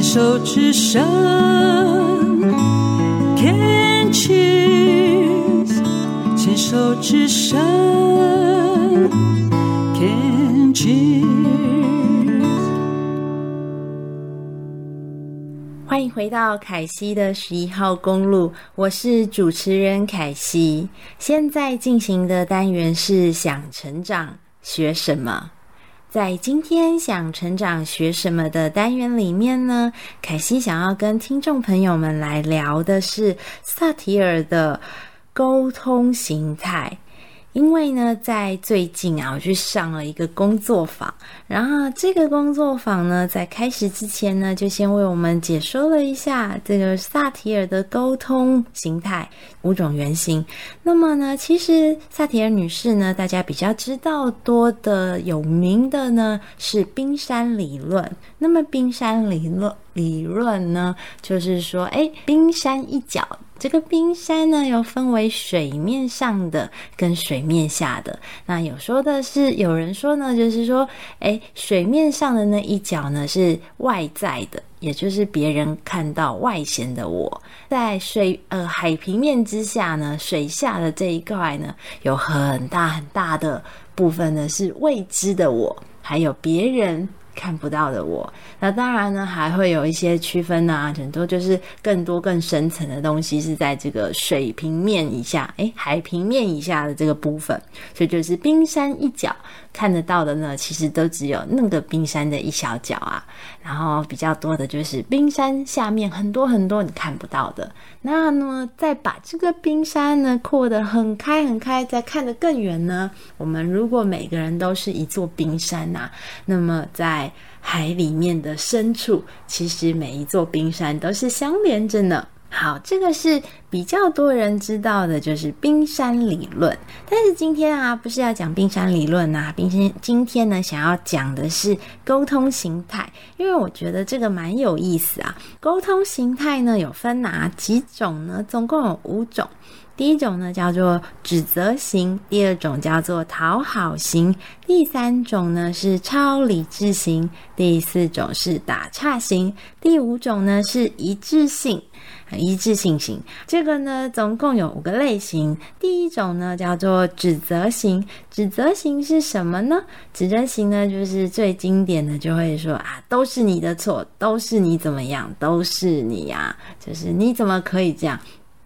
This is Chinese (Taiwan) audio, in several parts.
牽手之聲，Can cheers。牽手之聲，Can cheers。歡迎回到凱西的十一號公路，我是主持人凱西。現在進行的單元是想成長，學什麼？在今天想成長學什麼的單元裡面呢，凱西想要跟聽眾朋友們來聊的是薩提爾的溝通型態。因為呢，在最近啊，我去上了一個工作坊，然後這個工作坊呢，在開始之前呢，就先為我們解說了一下這個薩提爾的溝通形態，五種原型。那麼呢，其實薩提爾女士呢，大家比較知道多的，有名的呢，是冰山理論。那麼冰山理論。理論呢，就是說，欸，冰山一角。這個冰山呢，又分為水面上的跟水面下的。那有說的是，有人說呢，就是說，欸，水面上的那一角呢，是外在的，也就是別人看到外顯的我。在水，呃，海平面之下呢，水下的這一塊呢，有很大很大的部分呢，是未知的我，還有別人。看不到的我，那當然呢，還會有一些區分啊，很多就是更多更深層的東西是在這個水平面以下，誒、欸，海平面以下的這個部分，所以就是冰山一角，看得到的呢，其實都只有那個冰山的一小角啊，然後比較多的就是冰山下面很多很多你看不到的。那那麼再把這個冰山呢擴得很開很開，再看得更遠呢，我們如果每個人都是一座冰山吶、啊，那麼在海裡面的深處，其實每一座冰山都是相連着呢。好，這個是比較多人知道的，就是冰山理論。但是今天啊，不是要講冰山理論吶、啊，冰山今天呢，想要講的是溝通型態。因為我覺得這個蠻有意思啊！溝通形態呢，有分哪啊幾種呢？總共有五種。第一種呢叫做指責型，第二種叫做討好型，第三種呢是超理智型，第四種是打岔型，第五種呢是一致性一致性型。這個呢總共有五個類型。第一種呢叫做指責型，指責型是什麼呢？指責型呢就是最經典的，就會說啊。都是你的錯，都是你怎麼樣，都是你呀、啊！就是你怎麼可以這樣？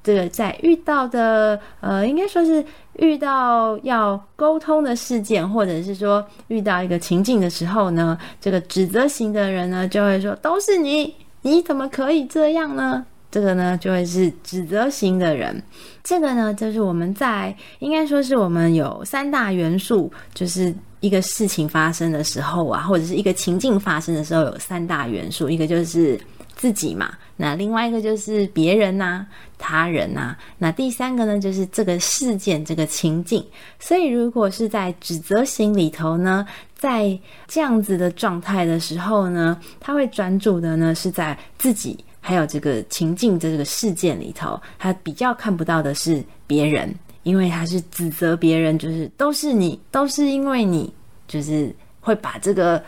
這個在遇到的，呃，應該說是遇到要溝通的事件，或者是說遇到一個情境的時候呢，這個指責型的人呢，就會說都是你，你怎麼可以這樣呢？這個呢，就會是指責型的人。這個呢，就是我們在應該說是我們有三大元素，就是。一個事情發生的時候啊，或者是一個情境發生的時候，有三大元素：一個就是自己嘛，那另外一個就是別人吶、啊、他人吶、啊，那第三個呢就是這個事件、這個情境。所以，如果是在指責型裡頭呢，在這樣子的狀態的時候呢，他會專注的呢是在自己，還有這個情境這個事件裡頭，他比較看不到的是別人。因為他是指責別人，就是都是你，都是因為你，就是會把這個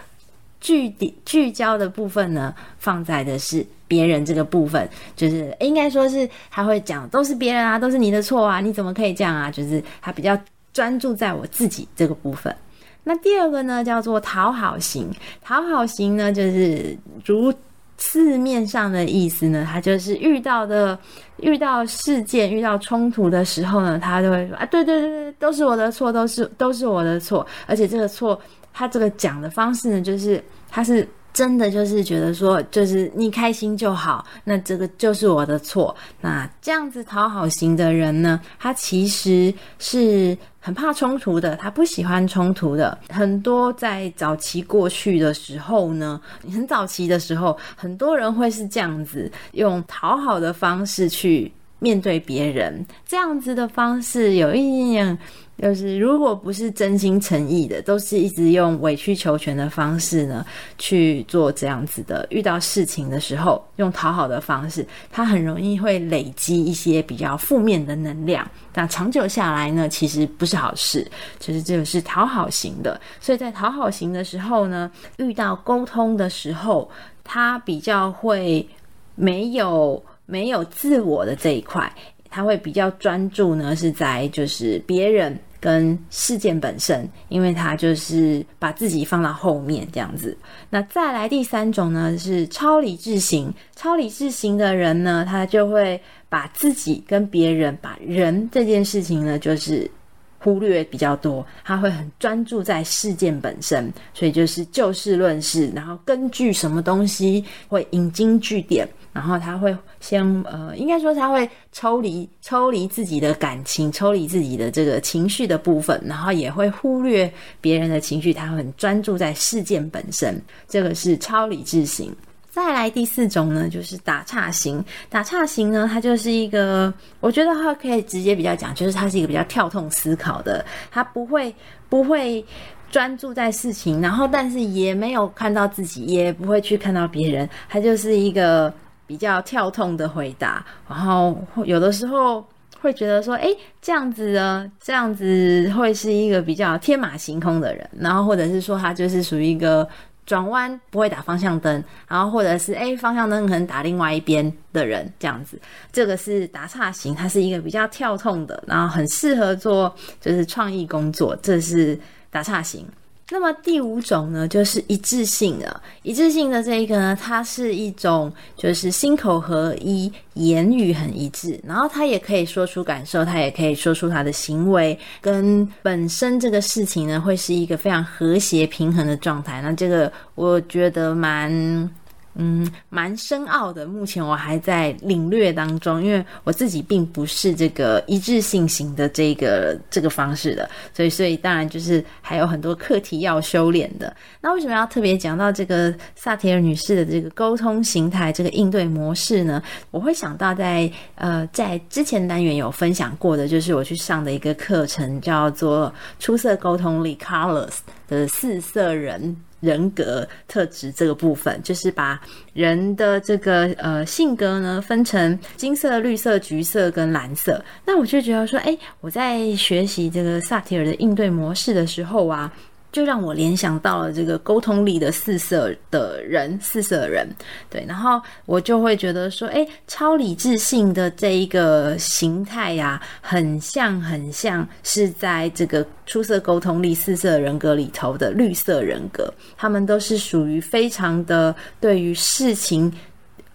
聚點聚焦的部分呢放在的是別人這個部分，就是應該說是他會講都是別人啊，都是你的錯啊，你怎麼可以這樣啊？就是他比較專注在我自己這個部分。那第二個呢，叫做討好型，討好型呢就是如。字面上的意思呢，他就是遇到的、遇到事件、遇到衝突的時候呢，他就會說：“啊，對對對，都是我的錯，都是都是我的錯。”而且這個錯，他這個講的方式呢，就是他是。真的就是覺得說，就是你開心就好，那這個就是我的錯。那這樣子討好型的人呢，他其實是很怕衝突的，他不喜歡衝突的。很多在早期過去的時候呢，你很早期的時候，很多人會是這樣子，用討好的方式去。面對別人這樣子的方式，有一點就是，如果不是真心誠意的，都是一直用委曲求全的方式呢，去做這樣子的。遇到事情的時候，用討好的方式，他很容易會累積一些比較負面的能量。那長久下來呢，其實不是好事。其實這個是討好型的，所以在討好型的時候呢，遇到溝通的時候，他比較會沒有。沒有自我的這一塊，他會比較專注呢，是在就是別人跟事件本身，因為他就是把自己放到後面這樣子。那再來第三種呢，是超理智型。超理智型的人呢，他就會把自己跟別人、把人這件事情呢，就是。忽略比較多，他會很專注在事件本身，所以就是就事論事，然後根據什麼東西會引經據典，然後他會先呃，應該說他會抽離抽離自己的感情，抽離自己的這個情緒的部分，然後也會忽略別人的情緒，他會很專注在事件本身，這個是超理智型。再來第四種呢，就是打岔型。打岔型呢，它就是一個，我覺得他可以直接比較講，就是它是一個比較跳痛思考的，他不會不會專注在事情，然後但是也沒有看到自己，也不會去看到別人，他就是一個比較跳痛的回答，然後有的時候會覺得說，誒，這樣子呢，這樣子會是一個比較天馬行空的人，然後或者是說他就是屬於一個。轉彎不會打方向燈，然後或者是，誒，方向燈可能打另外一邊的人這樣子，這個是打岔型，它是一個比較跳痛的，然後很適合做就是創意工作，這是打岔型。那麼第五種呢，就是一致性了。一致性的這一個呢，它是一種就是心口合一，言語很一致，然後他也可以說出感受，他也可以說出他的行為，跟本身這個事情呢，會是一個非常和諧平衡的狀態。那這個我覺得蠻。嗯，蠻深奧的。目前我還在領略當中，因為我自己並不是這個一致性型的這個這個方式的，所以所以當然就是還有很多課題要修煉的。那為什麼要特別講到這個薩提爾女士的這個溝通形態、這個應對模式呢？我會想到在呃在之前單元有分享過的，就是我去上的一個課程，叫做《出色溝通力 Colors 的四色人》。人格特質這個部分，就是把人的這個呃性格呢，分成金色、綠色、橘色跟藍色。那我就覺得說，欸，我在學習這個薩提爾的應對模式的時候啊。就讓我聯想到了這個溝通力的四色的人，四色的人，對，然後我就會覺得說，誒，超理智性的這一個形態呀、啊，很像很像是在這個出色溝通力四色人格裡頭的綠色人格，他們都是屬於非常的對於事情。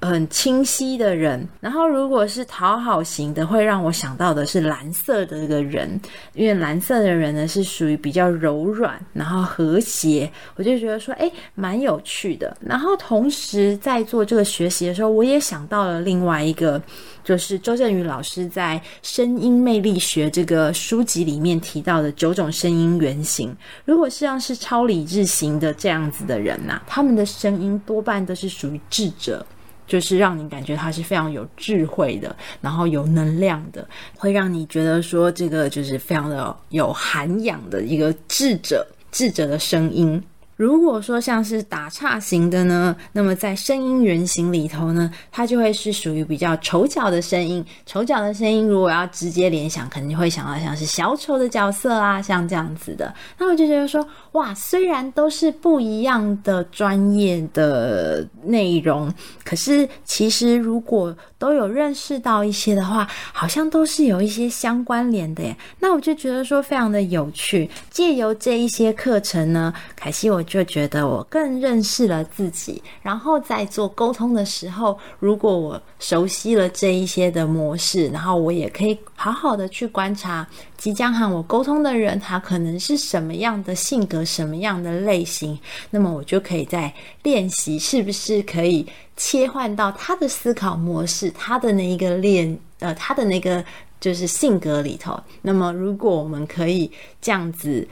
很清晰的人，然後如果是討好型的，會讓我想到的是藍色的這個人，因為藍色的人呢是屬於比較柔軟，然後和諧，我就覺得說，誒，蠻有趣的。然後同時在做這個學習的時候，我也想到了另外一個，就是周振宇老師在《聲音魅力學》這個書籍裡面提到的九種聲音原型。如果像是超理智型的這樣子的人吶、啊，他們的聲音多半都是屬於智者。就是讓你感覺他是非常有智慧的，然後有能量的，會讓你覺得說這個就是非常的有涵養的一個智者，智者的聲音。如果說像是打岔型的呢，那麼在聲音原型裡頭呢，它就會是屬於比較丑角的聲音。丑角的聲音，如果要直接聯想，可能就會想到像是小丑的角色啊，像這樣子的。那我就覺得說，哇，雖然都是不一樣的專業的內容，可是其實如果。都有認識到一些的話，好像都是有一些相關聯的耶。那我就覺得說非常的有趣。借由這一些課程呢，凱西我就覺得我更認識了自己。然後在做溝通的時候，如果我熟悉了這一些的模式，然後我也可以好好的去觀察即將和我溝通的人，他可能是什麼樣的性格，什麼樣的類型，那麼我就可以再練習是不是可以切換到他的思考模式，他的那一個鏈，呃，他的那個就是性格裡頭。那麼，如果我們可以這樣子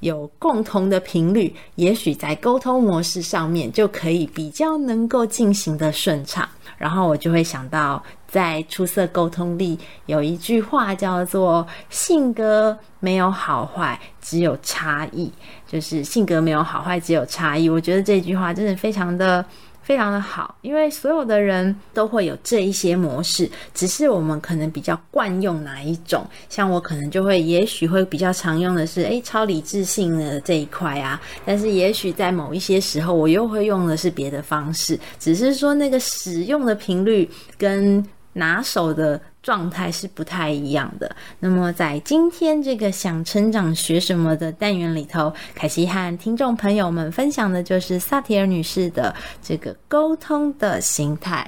有共同的頻率，也許在溝通模式上面就可以比較能夠進行的順暢。然後我就會想到，在出色溝通力有一句話叫做“性格沒有好壞，只有差異”，就是性格沒有好壞，只有差異。我覺得這句話真的非常的。非常的好，因為所有的人都會有這一些模式，只是我們可能比較慣用哪一種。像我可能就會，也許會比較常用的是，誒，超理智性的這一塊啊。但是也許在某一些時候，我又會用的是別的方式。只是說那個使用的頻率跟拿手的狀態是不太一樣的。那麼，在今天這個想成長學什麼的單元裡頭，凱西和聽眾朋友們分享的就是薩提爾女士的這個溝通的形態。